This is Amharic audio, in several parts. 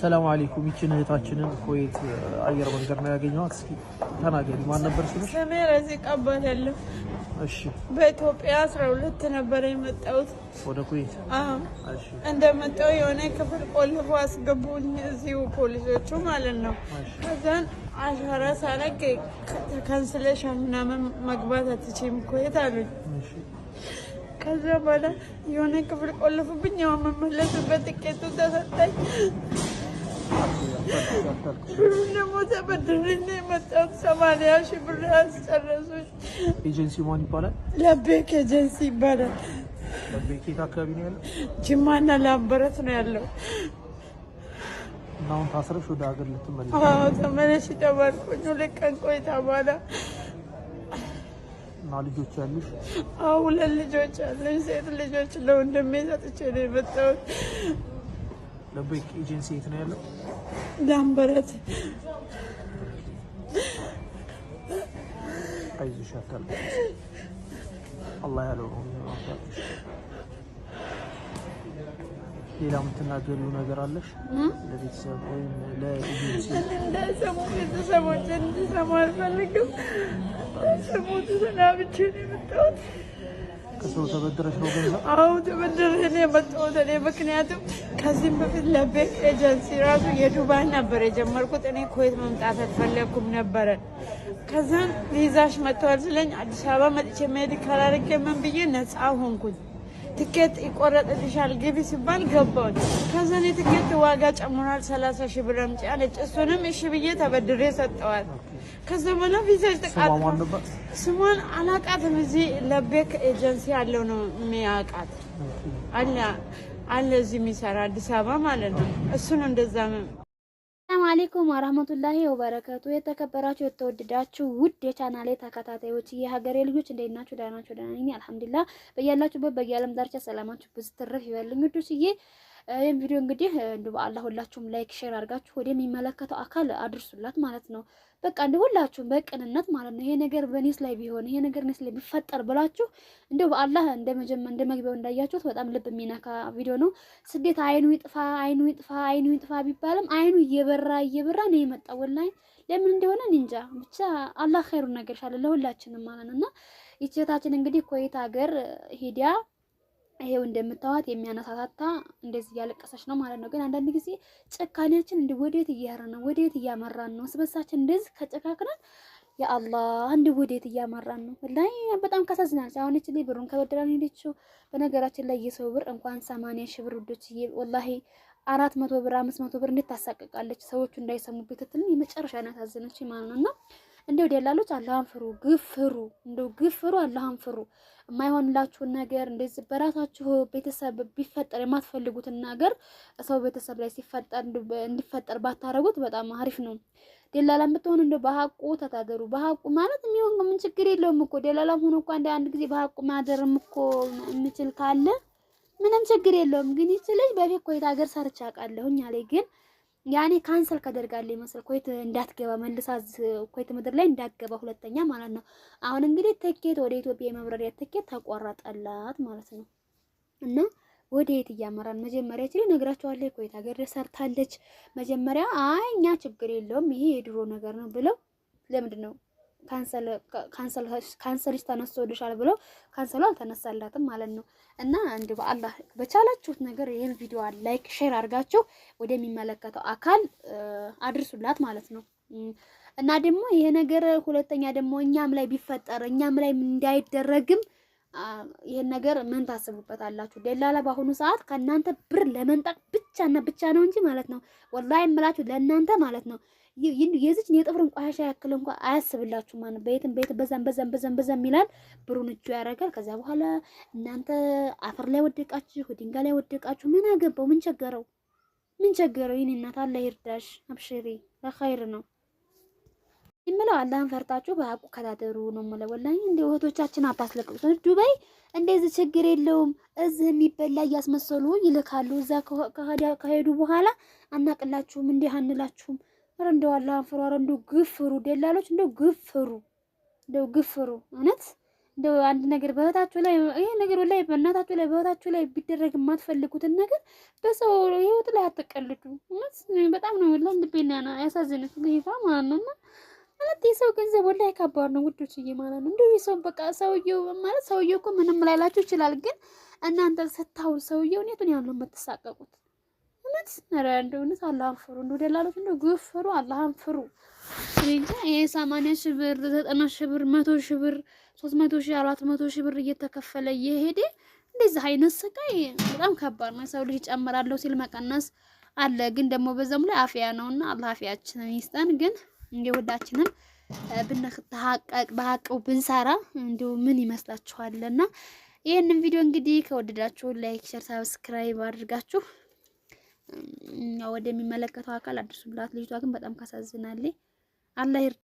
ሰላም አለይኩም። ይችን እህታችንን ኮይት አየር መንገድ ነው ያገኘኋት። እስኪ ተናገሪ፣ ማን ነበር ስምሽ? ስሜ ረዚቃ እባላለሁ። እሺ፣ በኢትዮጵያ አስራ ሁለት ነበረ የመጣሁት ወደ ኩዌት። እንደመጣሁ የሆነ ክፍል ቆልፎ አስገቡኝ፣ እዚሁ ፖሊሶቹ ማለት ነው። ከዛን አሻራ ሳረግ ካንስሌሽን ምናምን መግባት አትችይም ኮይት አሉኝ። ከዛ በኋላ የሆነ ክፍል ቆለፉብኝ። ያው የምመለስበት ትኬቱ ተሰጠኝ። ብሩን ደግሞ ተበድሬ የመጣሁት ሰማንያ ሺህ ብር አስጨረሱኝ። ኤጀንሲ ማን ይባላል? ለቤክ ኤጀንሲ ይባላል። ለቤክ የት አካባቢ ነው ያለው? ጅማና ላምበረት ነው ያለው። አሁን ታስረሽ ወደ ሀገር ልትመለሽ? አዎ ተመለሽ ተባልኩኝ። ሁለት ቀን ቆይታ በኋላ እና ልጆች ያሉሽ? አዎ ሁለት ልጆች ያሉኝ፣ ሴት ልጆች ለወንድሜ ሰጥቼ ነው የመጣሁት። ለበቂ ኤጀንሲ የት ነው ያለው? ላምበረት። አይዞሽ አታልቅሽ። አላህ ያለው ሌላ የምትናገሪው ነገር አለሽ? ለቤተሰብ ወይም ለሰሞን ቤተሰቦች እንዲሰማ አልፈልግም። ሰሞን ተሰናብቼ ነው የመጣሁት። ከሰው ተበድረሽ ነው ገንዘብ? አዎ ነው የመጣሁት። እኔ ምክንያቱም ከዚህም በፊት ለቤት ኤጀንሲ ራሱ የዱባይ ነበር የጀመርኩት። እኔ ኩዌት መምጣት አልፈለግኩም ነበረ። ከዛን ቪዛሽ መጥተዋል ስለኝ አዲስ አበባ መጥቼ ሜዲካል አድርጌ ምን ብዬ ነፃ ሆንኩኝ። ትኬት ይቆረጥልሻል ግቢ ሲባል ገባሁኝ። ከዛ እኔ ትኬት ዋጋ ጨምሯል ሰላሳ ሺህ ብር አምጪ አለች። እሱንም እሺ ብዬ ተበድሬ ሰጠዋል። ከዛ በኋላ ቪዛጅ ጥቃት ስሟን አላቃትም። እዚህ ለቤክ ኤጀንሲ ያለው ነው የሚያውቃት አለ አለ እዚህ የሚሰራ አዲስ አበባ ማለት ነው። እሱን እንደዛ አሌይኩም ወራህመቱላሂ ወበረከቱ። የተከበራችሁ የተወደዳችሁ ውድ የቻናሌ ተከታታዮች የሀገሬ ልጆች እንዴት ናችሁ? ደህና ናችሁ? ደህና ነኝ አልሐምዱሊላህ። በያላችሁበት በየዓለም ዳርቻ ሰላማችሁ ብዙ ትርፍ ይበልኝ ውዶችዬ። ይህም ቪዲዮ እንግዲህ እንዲ በአላ ሁላችሁም ላይክ ሼር አድርጋችሁ ወደሚመለከተው አካል አድርሱላት ማለት ነው። በቃ እንደ ሁላችሁም በቅንነት ማለት ነው ይሄ ነገር በኔስ ላይ ቢሆን ይሄ ነገር ኔስ ላይ ቢፈጠር ብላችሁ እንደ በአላህ እንደ መጀመር እንደ መግቢያው እንዳያችሁት በጣም ልብ የሚነካ ቪዲዮ ነው። ስደት አይኑ ይጥፋ አይኑ ይጥፋ አይኑ ይጥፋ ቢባልም አይኑ እየበራ እየበራ ነው የመጣው። ወላሂ ለምን እንደሆነ እንጃ ብቻ አላህ ኸይሩን ነገር ሻለ ለሁላችንም ማለት ነውና ይችታችን እንግዲህ ኮይት ሀገር ሂዲያ ይሄው እንደምታዋት የሚያነሳሳታ እንደዚህ እያለቀሰች ነው ማለት ነው። ግን አንዳንድ ጊዜ ጭካኔያችን እንዲህ ወዴት እያረን ነው? ወዴት እያመራን ነው? ስበሳችን እንደዚህ ከጨካክናል። የአላህ እንዲ ወዴት እያመራን ነው? ላይ በጣም ካሳዝናል። አሁን እቺ ላይ ብሩን ከበደላ ነው ሄደችው። በነገራችን ላይ የሰው ብር እንኳን 80 ሺህ ብር ውዶች፣ ወላሂ አራት መቶ ብር አምስት መቶ ብር እንዴት ታሳቅቃለች? ሰዎቹ እንዳይሰሙበት ትልን የመጨረሻ ነው ያሳዘነች ማለት ነው እና እንደው ደላሎች አላህን ፍሩ፣ ግፍሩ፣ እንደው ግፍሩ፣ አላህን ፍሩ። የማይሆንላችሁን ነገር እንደዚህ በራሳችሁ ቤተሰብ ቢፈጠር የማትፈልጉትን ነገር ሰው ቤተሰብ ላይ ሲፈጠር እንዲፈጠር ባታረጉት በጣም አሪፍ ነው። ደላላም ብትሆኑ እንደው በሀቁ ተታደሩ። በሀቁ ማለት የሚሆን ምን ችግር የለውም እኮ ደላላም ሆኖ እኮ አንድ ጊዜ በሀቁ ማደርም እኮ የምችል ካለ ምንም ችግር የለውም። ግን ይች በፊት ኮይታ ሀገር ሰርቻ አውቃለሁኝ አለኝ ግን ያኔ ካንሰል ከደርጋለች ይመስል ኮይት እንዳትገባ መልሳ ኮይት ምድር ላይ እንዳትገባ ሁለተኛ ማለት ነው። አሁን እንግዲህ ትኬት ወደ ኢትዮጵያ የመብረሪያ ትኬት ተቆረጠላት ማለት ነው። እና ወደ የት እያመራን መጀመሪያ ችል ነግራቸዋለች። ኮይት ሀገር ሰርታለች። መጀመሪያ አይ እኛ ችግር የለውም ይሄ የድሮ ነገር ነው ብለው ለምንድን ነው ካንሰልሽ ተነስቶልሻል ብሎ ካንሰሉ አልተነሳላትም ማለት ነው። እና እንዲ በአላህ በቻላችሁት ነገር ይህን ቪዲዮ ላይክ፣ ሼር አድርጋችሁ ወደሚመለከተው አካል አድርሱላት ማለት ነው። እና ደግሞ ይሄ ነገር ሁለተኛ ደግሞ እኛም ላይ ቢፈጠር እኛም ላይ እንዳይደረግም ይሄን ነገር ምን ታስቡበት አላችሁ? ደላላ በአሁኑ ሰዓት ከእናንተ ብር ለመንጠቅ ብቻና ብቻ ነው እንጂ ማለት ነው። ወላሂ የምላችሁ ለእናንተ ማለት ነው የዚች የጥፍርን ቆሻሻ ያክል እንኳ አያስብላችሁ። ማን በየትም በየት በዛም በዛም በዛም በዛም ይላል፣ ብሩን እጁ ያደርጋል። ከዛ በኋላ እናንተ አፈር ላይ ወደቃችሁ፣ ድንጋይ ላይ ወደቃችሁ፣ ምን አገባው? ምን ቸገረው? ምን ቸገረው? ይህን እናት አለ ይርዳሽ፣ አብሽሪ ለኸይር ነው ይምለው አላህን ፈርታችሁ በሀቁ ከታደሩ ነው የምለው። ወላሂ እንደ እህቶቻችን አታስለቅሱ። ዱባይ እንደዚህ ችግር የለውም። እዚህ የሚበላ እያስመሰሉ ይልካሉ። እዛ ከሄዱ በኋላ አናቅላችሁም፣ እንዲህ አንላችሁም ኧረ እንደው አላህ አንፍሩ። ኧረ እንደው ግፍሩ፣ ደላሎች እንደው ግፍሩ፣ እንደው ግፍሩ። እውነት እንደው አንድ ነገር በህይወታችሁ ላይ ይሄ ነገር ላይ በእናታችሁ ላይ በህይወታችሁ ላይ ቢደረግ የማትፈልጉትን ነገር በሰው ህይወት ላይ አትቀልዱ። እውነት በጣም ነው ወላሂ ልቤን ያሳዝነች ጌታ ማለት ነው እና ማለት የሰው ገንዘብ ወላሂ ከባድ ነው ውዶች ማለት ነው። እንደው የሰው በቃ ሰውየው ማለት ሰውየው እኮ ምንም ላይላችሁ ይችላል፣ ግን እናንተ ስታውል ሰውየው እውነቱን ያው ነው የምትሳቀቁት እውነት ኧረ እንደው እውነት አላህን ፍሩ። እንደው ደላሎች እንደው ግፍ ፍሩ፣ አላህን ፍሩ። እንጃ ይሄ ሰማንያ ሺህ ብር፣ ዘጠና ሺህ ብር፣ መቶ ሺህ ብር፣ ሶስት መቶ ሺህ አራት መቶ ሺህ ብር እየተከፈለ እየሄደ እንደዚህ አይነት ስቃይ በጣም ከባድ ነው። ሰው ልጅ ይጨምራለሁ ሲል መቀነስ አለ፣ ግን ደግሞ በዛም ላይ አፍያ ነውና አላህ አፍያችንን ይስጠን። ግን እንደው ሁላችንም ብንተሐቀቅ በሀቀው ብንሰራ እንደው ምን ይመስላችኋልና ይህንን ቪዲዮ እንግዲህ ከወደዳችሁ ላይክ፣ ሸር፣ ሳብስክራይብ አድርጋችሁ ወደሚመለከተው አካል አድርሱላት። ልጅቷ ግን በጣም ካሳዝናለች። አላህ ይርዳ።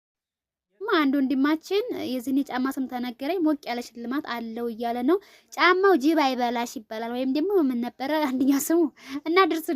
አንድ ወንድማችን የዚህን ጫማ ስም ተነገረኝ ሞቅ ያለ ሽልማት አለው እያለ ነው። ጫማው ጅብ አይበላሽ ይባላል ወይም ደግሞ ምን ነበረ አንደኛ ስሙ እና ድርስ